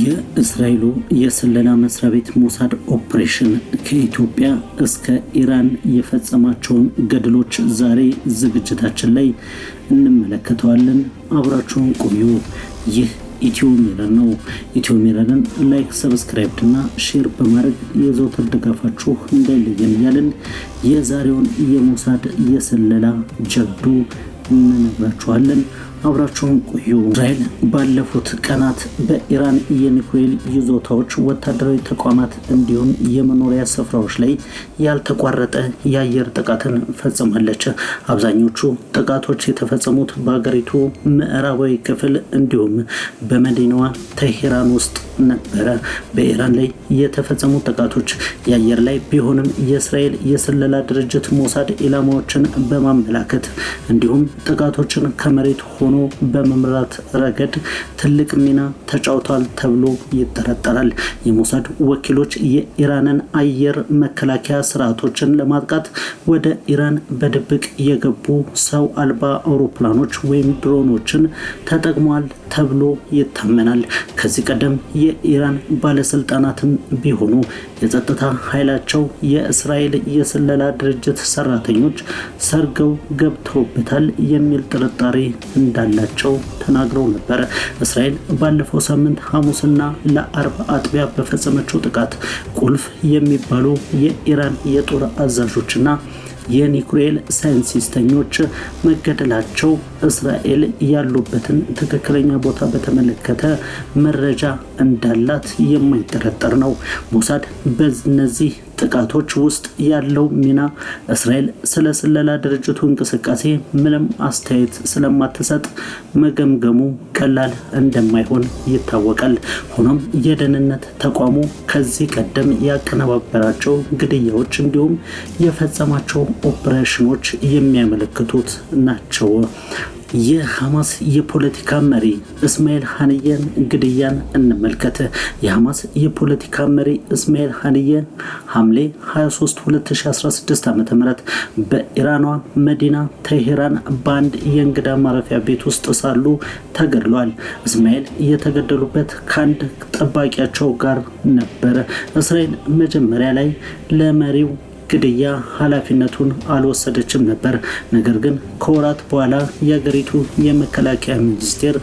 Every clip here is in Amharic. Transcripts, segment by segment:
የእስራኤሉ የስለላ መስሪያ ቤት ሞሳድ ኦፕሬሽን ከኢትዮጵያ እስከ ኢራን የፈጸማቸውን ገድሎች ዛሬ ዝግጅታችን ላይ እንመለከተዋለን። አብራችሁን ቆዩ። ይህ ኢትዮ ሜረር ነው። ኢትዮ ሜረርን ላይክ፣ ሰብስክራይብ እና ሼር በማድረግ የዘውትር ድጋፋችሁ እንዳይለየን ያለን የዛሬውን የሞሳድ የስለላ ጀብዱ እንነግራችኋለን። አብራችሁን ቆዩ። እስራኤል ባለፉት ቀናት በኢራን የኒኩሌር ይዞታዎች፣ ወታደራዊ ተቋማት እንዲሁም የመኖሪያ ስፍራዎች ላይ ያልተቋረጠ የአየር ጥቃትን ፈጽማለች። አብዛኞቹ ጥቃቶች የተፈጸሙት በሀገሪቱ ምዕራባዊ ክፍል እንዲሁም በመዲናዋ ቴሄራን ውስጥ ነበረ። በኢራን ላይ የተፈጸሙ ጥቃቶች የአየር ላይ ቢሆንም የእስራኤል የስለላ ድርጅት ሞሳድ ኢላማዎችን በማመላከት እንዲሁም ጥቃቶችን ከመሬት ሆኖ ሆኖ በመምራት ረገድ ትልቅ ሚና ተጫውቷል ተብሎ ይጠረጠራል። የሞሳድ ወኪሎች የኢራንን አየር መከላከያ ስርዓቶችን ለማጥቃት ወደ ኢራን በድብቅ የገቡ ሰው አልባ አውሮፕላኖች ወይም ድሮኖችን ተጠቅሟል ተብሎ ይታመናል። ከዚህ ቀደም የኢራን ባለስልጣናትም ቢሆኑ የጸጥታ ኃይላቸው የእስራኤል የስለላ ድርጅት ሰራተኞች ሰርገው ገብተውበታል የሚል ጥርጣሬ እንዳ እንዳላቸው ተናግረው ነበር። እስራኤል ባለፈው ሳምንት ሐሙስና ለአርብ አጥቢያ በፈጸመችው ጥቃት ቁልፍ የሚባሉ የኢራን የጦር አዛዦችና የኒኩሌር ሳይንቲስቶች መገደላቸው እስራኤል ያሉበትን ትክክለኛ ቦታ በተመለከተ መረጃ እንዳላት የማይጠረጠር ነው። ሞሳድ በነዚህ ጥቃቶች ውስጥ ያለው ሚና እስራኤል ስለ ስለላ ድርጅቱ እንቅስቃሴ ምንም አስተያየት ስለማትሰጥ መገምገሙ ቀላል እንደማይሆን ይታወቃል። ሆኖም የደህንነት ተቋሙ ከዚህ ቀደም ያቀነባበራቸው ግድያዎች እንዲሁም የፈጸማቸው ኦፕሬሽኖች የሚያመለክቱት ናቸው። የሐማስ የፖለቲካ መሪ እስማኤል ሀንየን ግድያን እንመልከት። የሐማስ የፖለቲካ መሪ እስማኤል ሀንየን ሐምሌ 23 2016 ዓ ም በኢራኗ መዲና ቴሄራን በአንድ የእንግዳ ማረፊያ ቤት ውስጥ ሳሉ ተገድሏል። እስማኤል የተገደሉበት ከአንድ ጠባቂያቸው ጋር ነበረ። እስራኤል መጀመሪያ ላይ ለመሪው ግድያ ኃላፊነቱን አልወሰደችም ነበር። ነገር ግን ከወራት በኋላ የአገሪቱ የመከላከያ ሚኒስቴር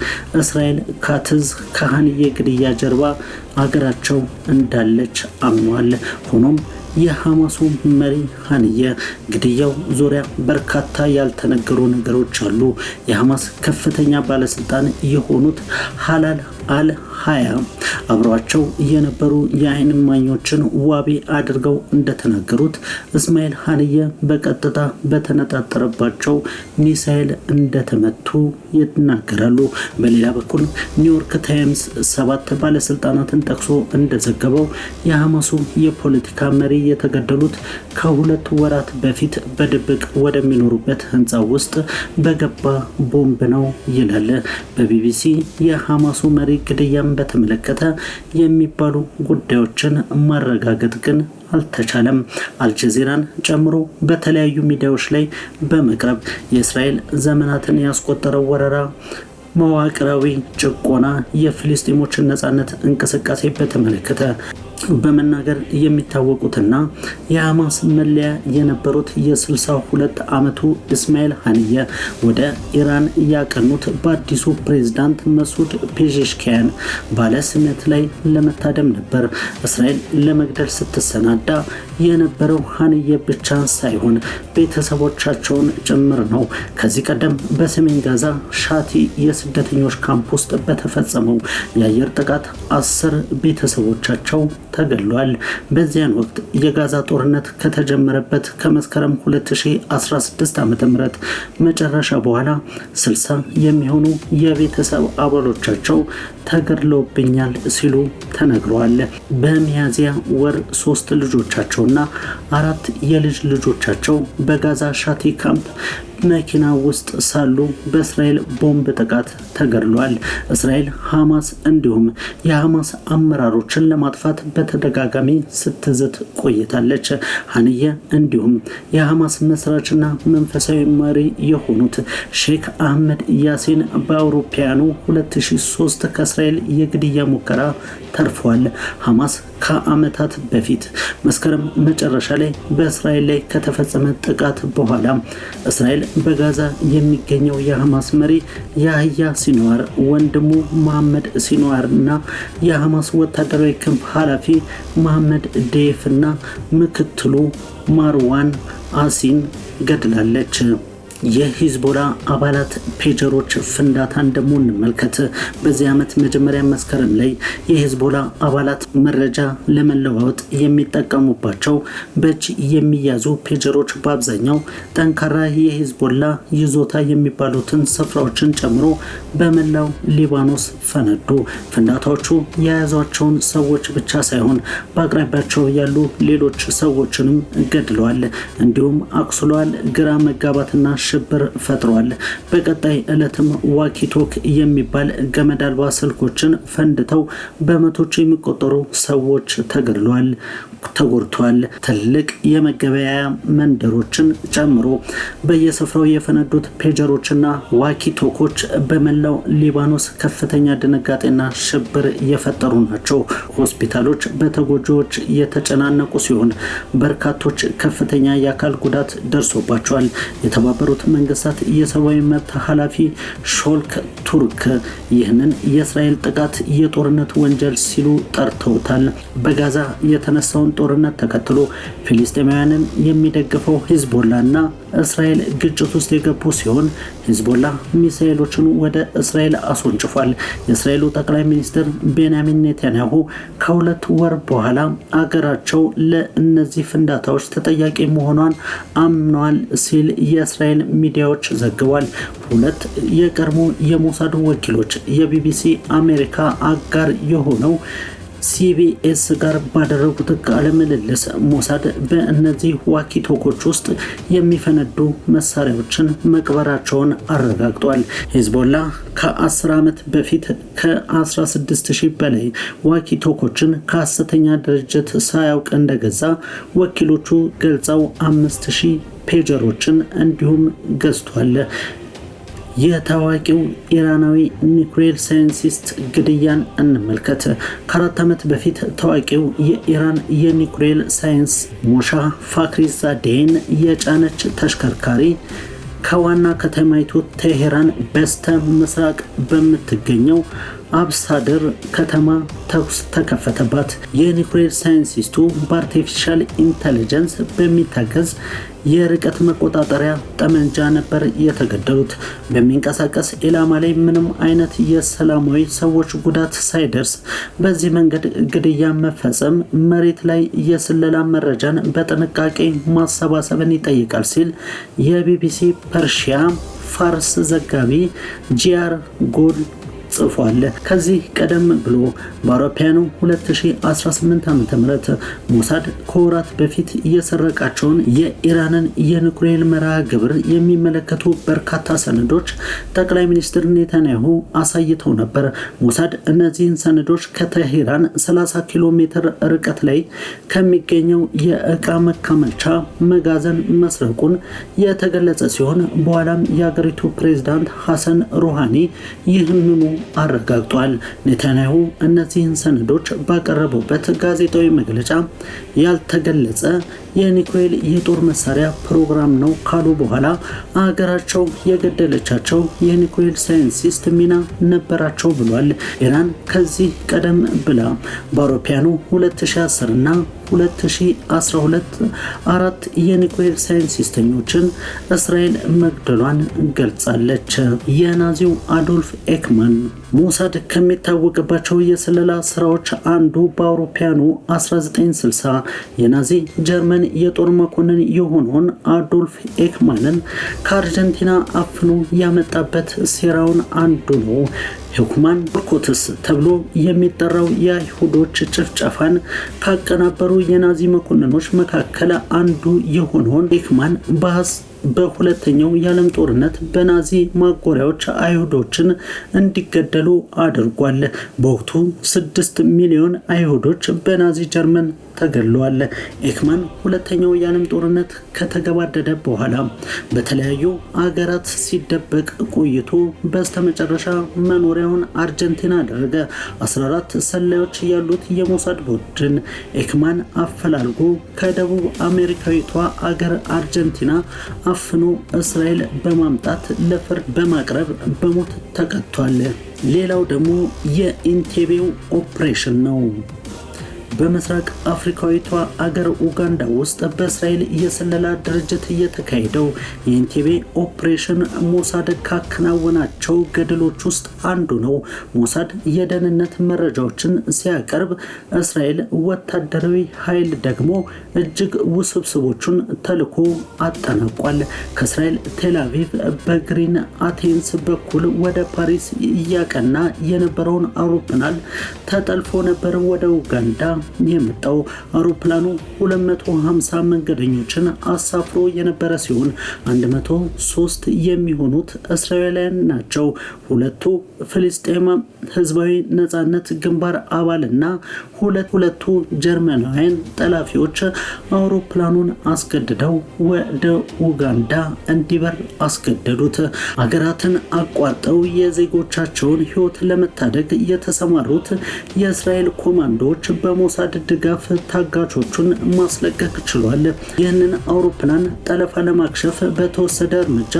እስራኤል ካትዝ ካህንዬ ግድያ ጀርባ አገራቸው እንዳለች አምኗል። ሆኖም የሐማሱ መሪ ሀንየ ግድያው ዙሪያ በርካታ ያልተነገሩ ነገሮች አሉ። የሐማስ ከፍተኛ ባለስልጣን የሆኑት ሀላል አል ሀያ አብሯቸው የነበሩ የአይን ማኞችን ዋቢ አድርገው እንደተናገሩት እስማኤል ሀንየ በቀጥታ በተነጣጠረባቸው ሚሳኤል እንደተመቱ ይናገራሉ። በሌላ በኩል ኒውዮርክ ታይምስ ሰባት ባለስልጣናትን ጠቅሶ እንደዘገበው የሐማሱ የፖለቲካ መሪ የተገደሉት ከሁለት ወራት በፊት በድብቅ ወደሚኖሩበት ህንፃ ውስጥ በገባ ቦምብ ነው ይላል በቢቢሲ የሐማሱ መሪ ግድያን በተመለከተ የሚባሉ ጉዳዮችን ማረጋገጥ ግን አልተቻለም። አልጀዚራን ጨምሮ በተለያዩ ሚዲያዎች ላይ በመቅረብ የእስራኤል ዘመናትን ያስቆጠረው ወረራ መዋቅራዊ ጭቆና የፍልስጤሞችን ነጻነት እንቅስቃሴ በተመለከተ በመናገር የሚታወቁትና የሐማስ መለያ የነበሩት የ62 ዓመቱ እስማኤል ሀንየ ወደ ኢራን ያቀኑት በአዲሱ ፕሬዝዳንት መሱድ ፔዜሽኪያን ባለ ስሜት ላይ ለመታደም ነበር። እስራኤል ለመግደል ስትሰናዳ የነበረው ሀንየ ብቻ ሳይሆን ቤተሰቦቻቸውን ጭምር ነው። ከዚህ ቀደም በሰሜን ጋዛ ሻቲ የስደተኞች ካምፕ ውስጥ በተፈጸመው የአየር ጥቃት አስር ቤተሰቦቻቸው ተገድሏል። በዚያን ወቅት የጋዛ ጦርነት ከተጀመረበት ከመስከረም 2016 ዓ መጨረሻ በኋላ 60 የሚሆኑ የቤተሰብ አባሎቻቸው ተገድለውብኛል ሲሉ ተነግረዋል። በሚያዝያ ወር ሶስት ልጆቻቸውና አራት የልጅ ልጆቻቸው በጋዛ ሻቲ ካምፕ መኪና ውስጥ ሳሉ በእስራኤል ቦምብ ጥቃት ተገድሏል። እስራኤል ሐማስ እንዲሁም የሐማስ አመራሮችን ለማጥፋት በተደጋጋሚ ስትዝት ቆይታለች። ሀንየ እንዲሁም የሐማስ መስራችና መንፈሳዊ መሪ የሆኑት ሼክ አህመድ ያሲን በአውሮፓውያኑ 2003 ከእስራኤል የእስራኤል የግድያ ሙከራ ተርፏል። ሐማስ ከዓመታት በፊት መስከረም መጨረሻ ላይ በእስራኤል ላይ ከተፈጸመ ጥቃት በኋላ እስራኤል በጋዛ የሚገኘው የሐማስ መሪ ያህያ ሲንዋር ወንድሙ መሐመድ ሲንዋር እና የሐማስ ወታደራዊ ክንፍ ኃላፊ መሐመድ ዴፍ እና ምክትሉ ማርዋን አሲን ገድላለች። የሂዝቦላ አባላት ፔጀሮች ፍንዳታን ደግሞ እንመልከት። በዚህ ዓመት መጀመሪያ መስከረም ላይ የሂዝቦላ አባላት መረጃ ለመለዋወጥ የሚጠቀሙባቸው በእጅ የሚያዙ ፔጀሮች በአብዛኛው ጠንካራ የሂዝቦላ ይዞታ የሚባሉትን ስፍራዎችን ጨምሮ በመላው ሊባኖስ ፈነዱ። ፍንዳታዎቹ የያዟቸውን ሰዎች ብቻ ሳይሆን በአቅራቢያቸው ያሉ ሌሎች ሰዎችንም ገድለዋል፣ እንዲሁም አቁስለዋል። ግራ መጋባትና ሽብር ፈጥሯል። በቀጣይ ዕለትም ዋኪቶክ የሚባል ገመድ አልባ ስልኮችን ፈንድተው በመቶች የሚቆጠሩ ሰዎች ተገድሏል፣ ተጎድቷል። ትልቅ የመገበያያ መንደሮችን ጨምሮ በየስፍራው የፈነዱት ፔጀሮችና ዋኪቶኮች በመላው ሊባኖስ ከፍተኛ ድንጋጤና ሽብር የፈጠሩ ናቸው። ሆስፒታሎች በተጎጂዎች የተጨናነቁ ሲሆን በርካቶች ከፍተኛ የአካል ጉዳት ደርሶባቸዋል። የተባበሩት የተባበሩት መንግስታት የሰብአዊ መብት ኃላፊ ሾልክ ቱርክ ይህንን የእስራኤል ጥቃት የጦርነት ወንጀል ሲሉ ጠርተውታል። በጋዛ የተነሳውን ጦርነት ተከትሎ ፊልስጤማውያንን የሚደግፈው ሂዝቦላና እስራኤል ግጭት ውስጥ የገቡ ሲሆን ሂዝቦላ ሚሳኤሎችን ወደ እስራኤል አስወንጭፏል። የእስራኤሉ ጠቅላይ ሚኒስትር ቤንያሚን ኔታንያሁ ከሁለት ወር በኋላ አገራቸው ለእነዚህ ፍንዳታዎች ተጠያቂ መሆኗን አምነዋል ሲል የእስራኤል ሚዲያዎች ዘግቧል። ሁለት የቀድሞ የሞሳድ ወኪሎች የቢቢሲ አሜሪካ አጋር የሆነው ሲቢኤስ ጋር ባደረጉት ቃለ ምልልስ ሞሳድ በእነዚህ ዋኪቶኮች ውስጥ የሚፈነዱ መሳሪያዎችን መቅበራቸውን አረጋግጧል። ሂዝቦላ ከ10 ዓመት በፊት ከ16000 በላይ ዋኪቶኮችን ከሐሰተኛ ድርጅት ሳያውቅ እንደገዛ ወኪሎቹ ገልጸው 5000 ፔጀሮችን እንዲሁም ገዝቷል። የታዋቂው ኢራናዊ ኒኩሌር ሳይንቲስት ግድያን እንመልከት። ከአራት ዓመት በፊት ታዋቂው የኢራን የኒኩሌር ሳይንስ ሞሻ ፋክሪዛዴን የጫነች ተሽከርካሪ ከዋና ከተማይቱ ቴሄራን በስተ ምስራቅ በምትገኘው አብሳደር ከተማ ተኩስ ተከፈተባት። የኒውክሌር ሳይንሲስቱ በአርቲፊሻል ኢንተለጀንስ በሚታገዝ የርቀት መቆጣጠሪያ ጠመንጃ ነበር የተገደሉት። በሚንቀሳቀስ ኢላማ ላይ ምንም አይነት የሰላማዊ ሰዎች ጉዳት ሳይደርስ በዚህ መንገድ ግድያ መፈጸም መሬት ላይ የስለላ መረጃን በጥንቃቄ ማሰባሰብን ይጠይቃል ሲል የቢቢሲ ፐርሺያ ፋርስ ዘጋቢ ጂያር ጎል አለ። ከዚህ ቀደም ብሎ በአውሮፓውያኑ 2018 ዓ.ም ሞሳድ ከወራት በፊት የሰረቃቸውን የኢራንን የኒውክሌር መርሃ ግብር የሚመለከቱ በርካታ ሰነዶች ጠቅላይ ሚኒስትር ኔታንያሁ አሳይተው ነበር። ሞሳድ እነዚህን ሰነዶች ከተሄራን 30 ኪሎ ሜትር ርቀት ላይ ከሚገኘው የእቃ መካመቻ መጋዘን መስረቁን የተገለጸ ሲሆን በኋላም የአገሪቱ ፕሬዝዳንት ሐሰን ሩሃኒ ይህንኑ አረጋግጧል። ኔታንያሁ እነዚህን ሰነዶች ባቀረቡበት ጋዜጣዊ መግለጫ ያልተገለጸ የኒኮኤል የጦር መሳሪያ ፕሮግራም ነው ካሉ በኋላ አገራቸው የገደለቻቸው የኒኮኤል ሳይንሲስት ሚና ነበራቸው ብሏል። ኢራን ከዚህ ቀደም ብላ በአውሮፓያኑ 2010 እና 2012 አራት የኒኮኤል ሳይንቲስቶችን እስራኤል መግደሏን ገልጻለች። የናዚው አዶልፍ ኤክማን ሞሳድ ከሚታወቅባቸው የስለላ ስራዎች አንዱ በአውሮፓያኑ 1960 የናዚ ጀርመን የጦር መኮንን የሆነውን አዶልፍ ኤክማንን ከአርጀንቲና አፍኖ ያመጣበት ሴራውን አንዱ ነው። ሕኩማን ብርኮትስ ተብሎ የሚጠራው የአይሁዶች ጭፍጨፋን ካቀናበሩ የናዚ መኮንኖች መካከል አንዱ የሆነውን ኤክማን ባስ በሁለተኛው የዓለም ጦርነት በናዚ ማጎሪያዎች አይሁዶችን እንዲገደሉ አድርጓል። በወቅቱ ስድስት ሚሊዮን አይሁዶች በናዚ ጀርመን ተገድለዋል። ኤክማን ሁለተኛው የዓለም ጦርነት ከተገባደደ በኋላ በተለያዩ አገራት ሲደበቅ ቆይቶ በስተመጨረሻ መኖሪያ መጀመሪያውን አርጀንቲና አደረገ። 14 ሰላዮች ያሉት የሞሳድ ቡድን ኤክማን አፈላልጎ ከደቡብ አሜሪካዊቷ አገር አርጀንቲና አፍኖ እስራኤል በማምጣት ለፍርድ በማቅረብ በሞት ተቀጥቷል። ሌላው ደግሞ የኢንቴቤው ኦፕሬሽን ነው። በምስራቅ አፍሪካዊቷ አገር ኡጋንዳ ውስጥ በእስራኤል የስለላ ድርጅት የተካሄደው የኢንቴቤ ኦፕሬሽን ሞሳድ ካከናወናቸው ገድሎች ውስጥ አንዱ ነው። ሞሳድ የደህንነት መረጃዎችን ሲያቀርብ፣ እስራኤል ወታደራዊ ኃይል ደግሞ እጅግ ውስብስቦቹን ተልኮ አጠናቋል። ከእስራኤል ቴል አቪቭ በግሪን አቴንስ በኩል ወደ ፓሪስ እያቀና የነበረውን አውሮፕላን ተጠልፎ ነበር ወደ ኡጋንዳ የመጣው አውሮፕላኑ 250 መንገደኞችን አሳፍሮ የነበረ ሲሆን 103 የሚሆኑት እስራኤላውያን ናቸው። ሁለቱ ፍልስጤም ህዝባዊ ነጻነት ግንባር አባልና ሁለቱ ጀርመናውያን ጠላፊዎች አውሮፕላኑን አስገድደው ወደ ኡጋንዳ እንዲበር አስገደዱት። አገራትን አቋርጠው የዜጎቻቸውን ህይወት ለመታደግ የተሰማሩት የእስራኤል ኮማንዶዎች በሞ የሞሳድ ድጋፍ ታጋቾቹን ማስለቀቅ ችሏል። ይህንን አውሮፕላን ጠለፋ ለማክሸፍ በተወሰደ እርምጃ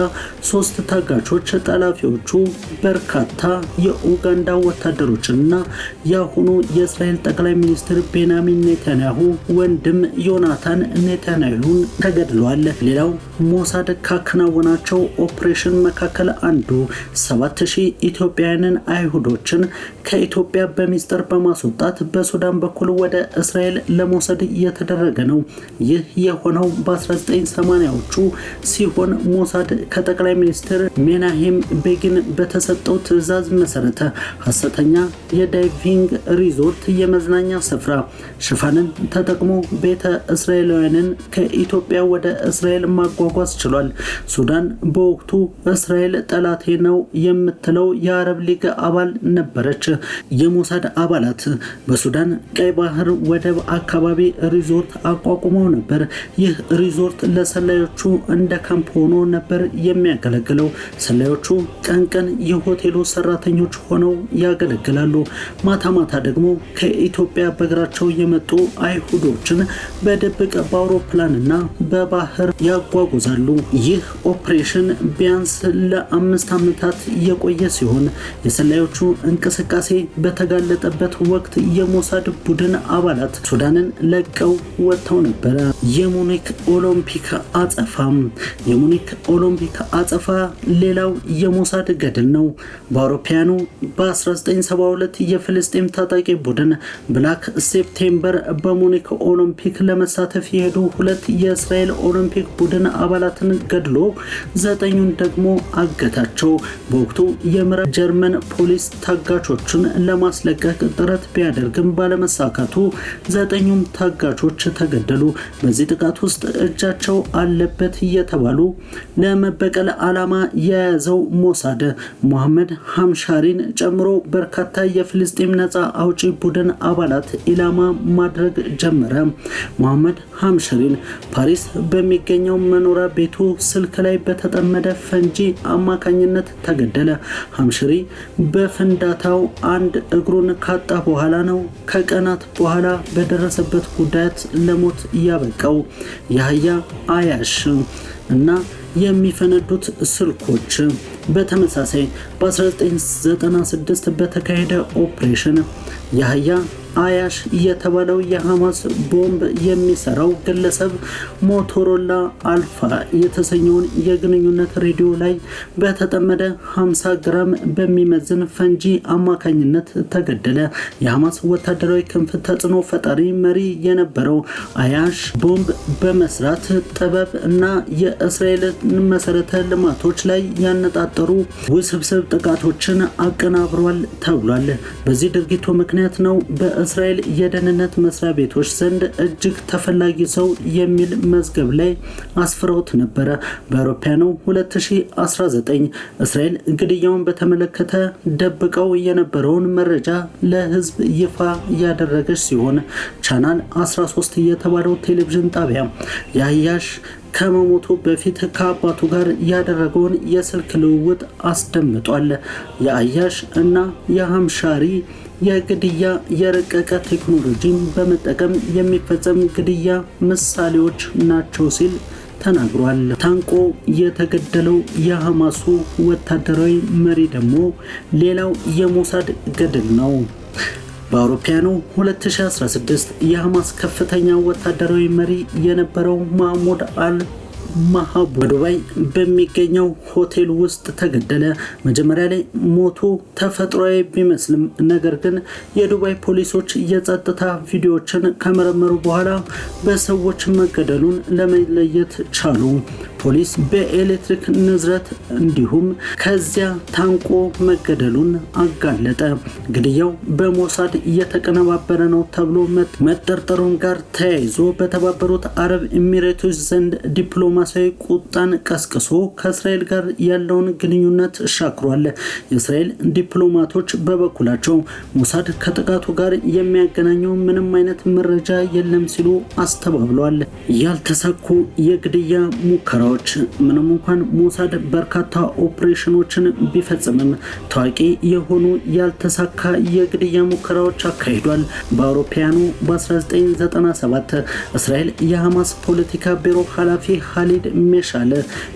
ሶስት ታጋቾች ጠላፊዎቹ በርካታ የኡጋንዳ ወታደሮችንና የአሁኑ የእስራኤል ጠቅላይ ሚኒስትር ቤንያሚን ኔታንያሁ ወንድም ዮናታን ኔታንያሁን ተገድሏል። ሌላው ሞሳድ ካከናወናቸው ኦፕሬሽን መካከል አንዱ 7000 ኢትዮጵያውያንን አይሁዶችን ከኢትዮጵያ በሚስጥር በማስወጣት በሱዳን በኩል ወደ እስራኤል ለመውሰድ እየተደረገ ነው። ይህ የሆነው በ1980ዎቹ ሲሆን ሞሳድ ከጠቅላይ ሚኒስትር ሜናሄም ቤጊን በተሰጠው ትዕዛዝ መሰረተ ሀሰተኛ የዳይቪንግ ሪዞርት የመዝናኛ ስፍራ ሽፋንን ተጠቅሞ ቤተ እስራኤላውያንን ከኢትዮጵያ ወደ እስራኤል ማጓጓዝ ችሏል። ሱዳን በወቅቱ እስራኤል ጠላቴ ነው የምትለው የአረብ ሊግ አባል ነበረች። የሞሳድ አባላት በሱዳን ቀይ ባህር ወደብ አካባቢ ሪዞርት አቋቁመው ነበር። ይህ ሪዞርት ለሰላዮቹ እንደ ካምፕ ሆኖ ነበር የሚያገለግለው። ሰላዮቹ ቀን ቀን የሆቴሉ ሰራተኞች ሆነው ያገለግላሉ። ማታ ማታ ደግሞ ከኢትዮጵያ በእግራቸው የመጡ አይሁዶችን በድብቅ በአውሮፕላንና በባህር ያጓጉዛሉ። ይህ ኦፕሬሽን ቢያንስ ለአምስት ዓመታት የቆየ ሲሆን የሰላዮቹ እንቅስቃሴ በተጋለጠበት ወቅት የሞሳድ ቡድን አባላት ሱዳንን ለቀው ወጥተው ነበረ። የሙኒክ ኦሎምፒክ አጸፋ የሙኒክ ኦሎምፒክ አጸፋ ሌላው የሞሳድ ገድል ነው። በአውሮፓያኑ በ1972 የፍልስጤም ታጣቂ ቡድን ብላክ ሴፕቴምበር በሙኒክ ኦሎምፒክ ለመሳተፍ የሄዱ ሁለት የእስራኤል ኦሎምፒክ ቡድን አባላትን ገድሎ ዘጠኙን ደግሞ አገታቸው። በወቅቱ የምዕራብ ጀርመን ፖሊስ ታጋቾቹን ለማስለቀቅ ጥረት ቢያደርግም ባለመሳካቱ በመመታቱ ዘጠኙም ታጋቾች ተገደሉ። በዚህ ጥቃት ውስጥ እጃቸው አለበት እየተባሉ ለመበቀል ዓላማ የያዘው ሞሳድ ሞሐመድ ሀምሻሪን ጨምሮ በርካታ የፍልስጤም ነፃ አውጪ ቡድን አባላት ኢላማ ማድረግ ጀመረ። ሞሐመድ ሀምሻሪን ፓሪስ በሚገኘው መኖሪያ ቤቱ ስልክ ላይ በተጠመደ ፈንጂ አማካኝነት ተገደለ። ሀምሽሪ በፍንዳታው አንድ እግሩን ካጣ በኋላ ነው ከቀናት በኋላ በደረሰበት ጉዳት ለሞት እያበቀው ያህያ አያሽ እና የሚፈነዱት ስልኮች በተመሳሳይ በ1996 በተካሄደ ኦፕሬሽን ያህያ አያሽ የተባለው የሐማስ ቦምብ የሚሰራው ግለሰብ ሞቶሮላ አልፋ የተሰኘውን የግንኙነት ሬዲዮ ላይ በተጠመደ 50 ግራም በሚመዝን ፈንጂ አማካኝነት ተገደለ። የሐማስ ወታደራዊ ክንፍ ተጽዕኖ ፈጣሪ መሪ የነበረው አያሽ ቦምብ በመስራት ጥበብ እና የእስራኤልን መሰረተ ልማቶች ላይ ያነጣጠ ያነጣጠሩ ውስብስብ ጥቃቶችን አቀናብሯል ተብሏል። በዚህ ድርጊቱ ምክንያት ነው በእስራኤል የደህንነት መስሪያ ቤቶች ዘንድ እጅግ ተፈላጊ ሰው የሚል መዝገብ ላይ አስፍረውት ነበረ። በአውሮፓውያኑ 2019 እስራኤል ግድያውን በተመለከተ ደብቀው የነበረውን መረጃ ለህዝብ ይፋ ያደረገች ሲሆን ቻናል 13 የተባለው ቴሌቪዥን ጣቢያ የአያሽ ከመሞቱ በፊት ከአባቱ ጋር ያደረገውን የስልክ ልውውጥ አስደምጧል። የአያሽ እና የሀምሻሪ የግድያ የረቀቀ ቴክኖሎጂን በመጠቀም የሚፈጸም ግድያ ምሳሌዎች ናቸው ሲል ተናግሯል። ታንቆ የተገደለው የሐማሱ ወታደራዊ መሪ ደግሞ ሌላው የሞሳድ ገድል ነው። በአውሮፓውያኑ 2016 የሐማስ ከፍተኛ ወታደራዊ መሪ የነበረው ማህሙድ አል ማሃቡ በዱባይ በሚገኘው ሆቴል ውስጥ ተገደለ። መጀመሪያ ላይ ሞቱ ተፈጥሯዊ ቢመስልም ነገር ግን የዱባይ ፖሊሶች የጸጥታ ቪዲዮዎችን ከመረመሩ በኋላ በሰዎች መገደሉን ለመለየት ቻሉ። ፖሊስ በኤሌክትሪክ ንዝረት እንዲሁም ከዚያ ታንቆ መገደሉን አጋለጠ። ግድያው በሞሳድ እየተቀነባበረ ነው ተብሎ መጠርጠሩን ጋር ተያይዞ በተባበሩት አረብ ኤሚሬቶች ዘንድ ዲፕሎማሲያዊ ቁጣን ቀስቅሶ ከእስራኤል ጋር ያለውን ግንኙነት ሻክሯል። የእስራኤል ዲፕሎማቶች በበኩላቸው ሞሳድ ከጥቃቱ ጋር የሚያገናኘው ምንም አይነት መረጃ የለም ሲሉ አስተባብለዋል። ያልተሳኩ የግድያ ሙከራ ስራዎች ምንም እንኳን ሞሳድ በርካታ ኦፕሬሽኖችን ቢፈጽምም ታዋቂ የሆኑ ያልተሳካ የግድያ ሙከራዎች አካሂዷል። በአውሮፓውያኑ በ1997 እስራኤል የሐማስ ፖለቲካ ቢሮ ኃላፊ ሀሊድ ሜሻል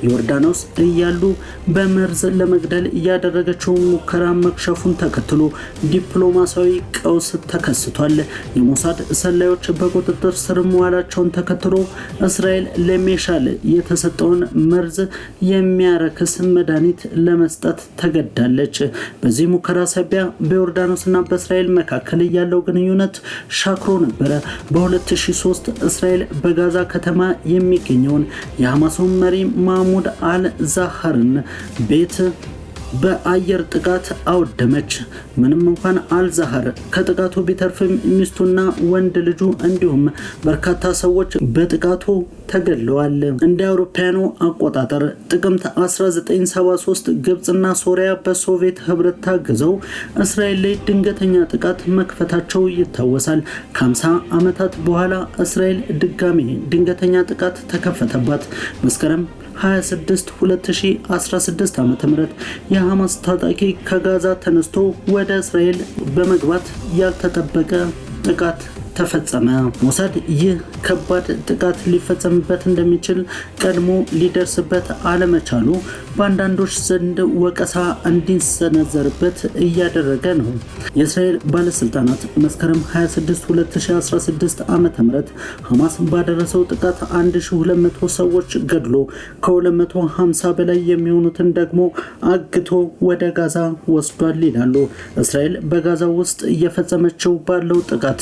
ዮርዳኖስ እያሉ በመርዝ ለመግደል እያደረገችው ሙከራ መክሸፉን ተከትሎ ዲፕሎማሲያዊ ቀውስ ተከስቷል። የሞሳድ ሰላዮች በቁጥጥር ስር መዋላቸውን ተከትሎ እስራኤል ለሜሻል የተሰጠ የተሰጠውን መርዝ የሚያረክስ መድኃኒት ለመስጠት ተገዳለች። በዚህ ሙከራ ሳቢያ በዮርዳኖስና በእስራኤል መካከል ያለው ግንኙነት ሻክሮ ነበረ። በ2003 እስራኤል በጋዛ ከተማ የሚገኘውን የሐማሱን መሪ ማሙድ አል ዛሃርን ቤት በአየር ጥቃት አወደመች። ምንም እንኳን አልዛሃር ከጥቃቱ ቢተርፍም ሚስቱና ወንድ ልጁ እንዲሁም በርካታ ሰዎች በጥቃቱ ተገድለዋል። እንደ አውሮፓያኑ አቆጣጠር ጥቅምት 1973 ግብፅና ሶሪያ በሶቪየት ህብረት ታግዘው እስራኤል ላይ ድንገተኛ ጥቃት መክፈታቸው ይታወሳል። ከ50 ዓመታት በኋላ እስራኤል ድጋሜ ድንገተኛ ጥቃት ተከፈተባት። መስከረም 26 2016 ዓ ም የሐማስ ታጣቂ ከጋዛ ተነስቶ ወደ እስራኤል በመግባት ያልተጠበቀ ጥቃት ተፈጸመ። ሞሳድ ይህ ከባድ ጥቃት ሊፈጸምበት እንደሚችል ቀድሞ ሊደርስበት አለመቻሉ በአንዳንዶች ዘንድ ወቀሳ እንዲሰነዘርበት እያደረገ ነው። የእስራኤል ባለስልጣናት መስከረም 26 2016 ዓ ም ሐማስ ባደረሰው ጥቃት 1200 ሰዎች ገድሎ ከ250 በላይ የሚሆኑትን ደግሞ አግቶ ወደ ጋዛ ወስዷል ይላሉ። እስራኤል በጋዛ ውስጥ እየፈጸመችው ባለው ጥቃት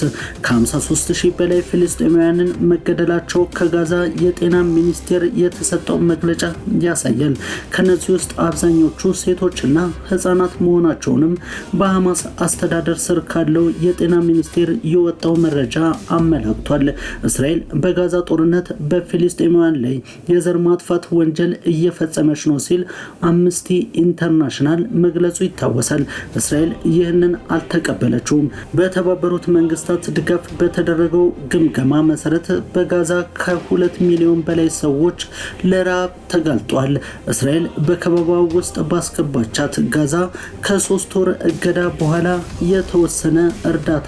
53000 ሺህ በላይ ፍልስጤማውያንን መገደላቸው ከጋዛ የጤና ሚኒስቴር የተሰጠው መግለጫ ያሳያል። ከነዚህ ውስጥ አብዛኞቹ ሴቶችና ህጻናት መሆናቸውንም በሐማስ አስተዳደር ስር ካለው የጤና ሚኒስቴር የወጣው መረጃ አመላክቷል። እስራኤል በጋዛ ጦርነት በፊልስጤማውያን ላይ የዘር ማጥፋት ወንጀል እየፈጸመች ነው ሲል አምነስቲ ኢንተርናሽናል መግለጹ ይታወሳል። እስራኤል ይህንን አልተቀበለችውም። በተባበሩት መንግስታት ድጋፍ በተደረገው ግምገማ መሰረት በጋዛ ከሁለት ሚሊዮን በላይ ሰዎች ለረሃብ ተጋልጧል። እስራኤል በከበባ ውስጥ ባስገባቻት ጋዛ ከሶስት ወር እገዳ በኋላ የተወሰነ እርዳታ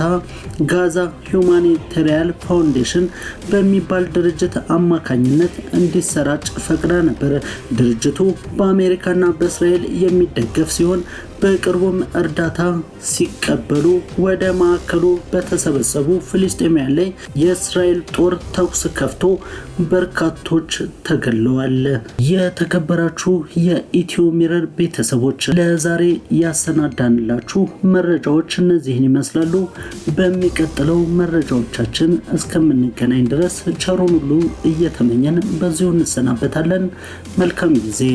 ጋዛ ሁማኒታሪያን ፋውንዴሽን በሚባል ድርጅት አማካኝነት እንዲሰራጭ ፈቅዳ ነበር። ድርጅቱ በአሜሪካና በእስራኤል የሚደገፍ ሲሆን በቅርቡም እርዳታ ሲቀበሉ ወደ ማዕከሉ በተሰበሰቡ ፍልስጤማውያን ላይ የእስራኤል ጦር ተኩስ ከፍቶ በርካቶች ተገለዋል። የተከበራችሁ የኢትዮ ሚረር ቤተሰቦች ለዛሬ ያሰናዳንላችሁ መረጃዎች እነዚህን ይመስላሉ። በሚቀጥለው መረጃዎቻችን እስከምንገናኝ ድረስ ቸሩን ሁሉ እየተመኘን በዚሁ እንሰናበታለን። መልካም ጊዜ